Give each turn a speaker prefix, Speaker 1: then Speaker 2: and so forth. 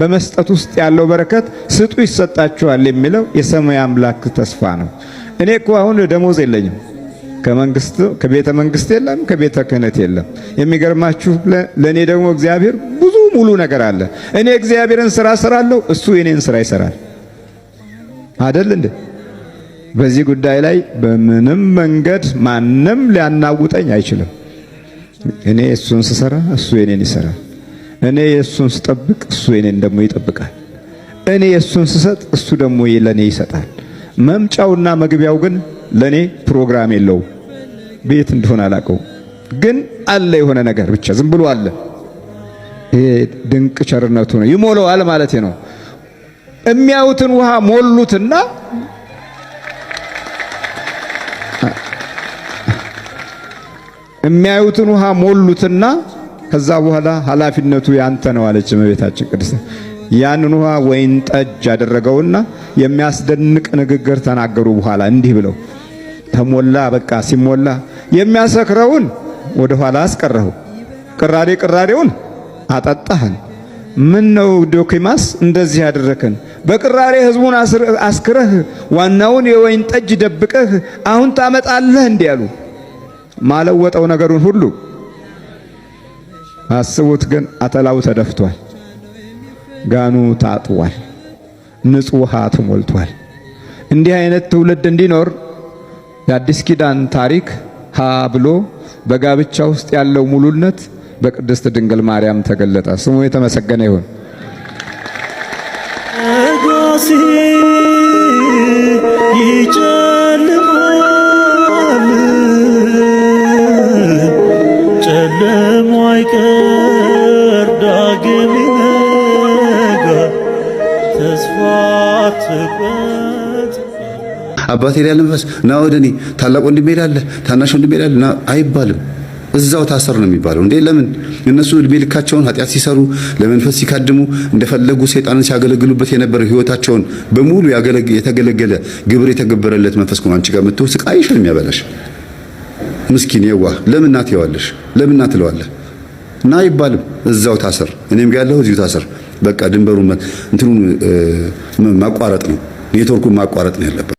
Speaker 1: በመስጠት ውስጥ ያለው በረከት ስጡ ይሰጣችኋል የሚለው የሰማይ አምላክ ተስፋ ነው። እኔ እኮ አሁን ደሞዝ የለኝም ከመንግስት ከቤተ መንግስት የለም ከቤተ ክህነት የለም። የሚገርማችሁ ለእኔ ደግሞ እግዚአብሔር ብዙ ሙሉ ነገር አለ። እኔ እግዚአብሔርን ስራ ስራለሁ፣ እሱ የኔን ስራ ይሰራል። አደል እንዴ? በዚህ ጉዳይ ላይ በምንም መንገድ ማንም ሊያናውጠኝ አይችልም። እኔ እሱን ስሰራ፣ እሱ የኔን ይሰራል። እኔ የእሱን ስጠብቅ እሱ የኔን ደግሞ ይጠብቃል። እኔ የእሱን ስሰጥ እሱ ደግሞ ለእኔ ይሰጣል። መምጫውና መግቢያው ግን ለእኔ ፕሮግራም የለው ቤት እንደሆነ አላቀው፣ ግን አለ የሆነ ነገር ብቻ ዝም ብሎ አለ። ይሄ ድንቅ ቸርነቱ ነው። ይሞላዋል ማለት ነው። የሚያዩትን ውሃ ሞሉትና የሚያዩትን ውሃ ሞሉትና ከዛ በኋላ ኃላፊነቱ ያንተ ነው አለች እመቤታችን ቅድስት። ያንን ውሃ ወይን ጠጅ ያደረገውና የሚያስደንቅ ንግግር ተናገሩ። በኋላ እንዲህ ብለው ተሞላ። በቃ ሲሞላ የሚያሰክረውን ወደ ኋላ አስቀረው፣ ቅራሬ ቅራሬውን አጠጣህን። ምን ነው ዶኪማስ እንደዚህ ያደረከን? በቅራሬ ህዝቡን አስክረህ ዋናውን የወይን ጠጅ ደብቀህ አሁን ታመጣለህ? እንዲያሉ ማለወጠው ነገሩን ሁሉ አስቡት ግን አተላው ተደፍቷል፣ ጋኑ ታጥቧል፣ ንጹህ ውሃ ተሞልቷል። እንዲህ አይነት ትውልድ እንዲኖር የአዲስ ኪዳን ታሪክ ሀ ብሎ በጋብቻ ውስጥ ያለው ሙሉነት በቅድስት ድንግል ማርያም ተገለጠ። ስሙ የተመሰገነ ይሁን።
Speaker 2: አባት ሄዳለ መንፈስ ና ወደኔ ታላቅ ወንድሜ ሄዳለ ታናሽ ወንድሜ ሄዳለ ና አይባልም። እዛው ታሰር ነው የሚባለው። እንዴ ለምን እነሱ እድሜ ልካቸውን ኃጢአት ሲሰሩ ለመንፈስ ሲካድሙ እንደፈለጉ ሰይጣንን ሲያገለግሉበት የነበረ ህይወታቸውን በሙሉ የተገለገለ ግብር የተገበረለት መንፈስ ከሆነ አንቺ ጋር መጥቶ ስቃይሽ ነው የሚያበላሽ። ምስኪን የዋ ለምን ናት ይዋለሽ ለምን ናት ለዋለ ና አይባልም። እዛው ታሰር። እኔም ጋር ያለው እዚሁ ታሰር። በቃ ድንበሩ እንትኑን ማቋረጥ ነው፣ ኔትወርኩን ማቋረጥ ነው ያለበት።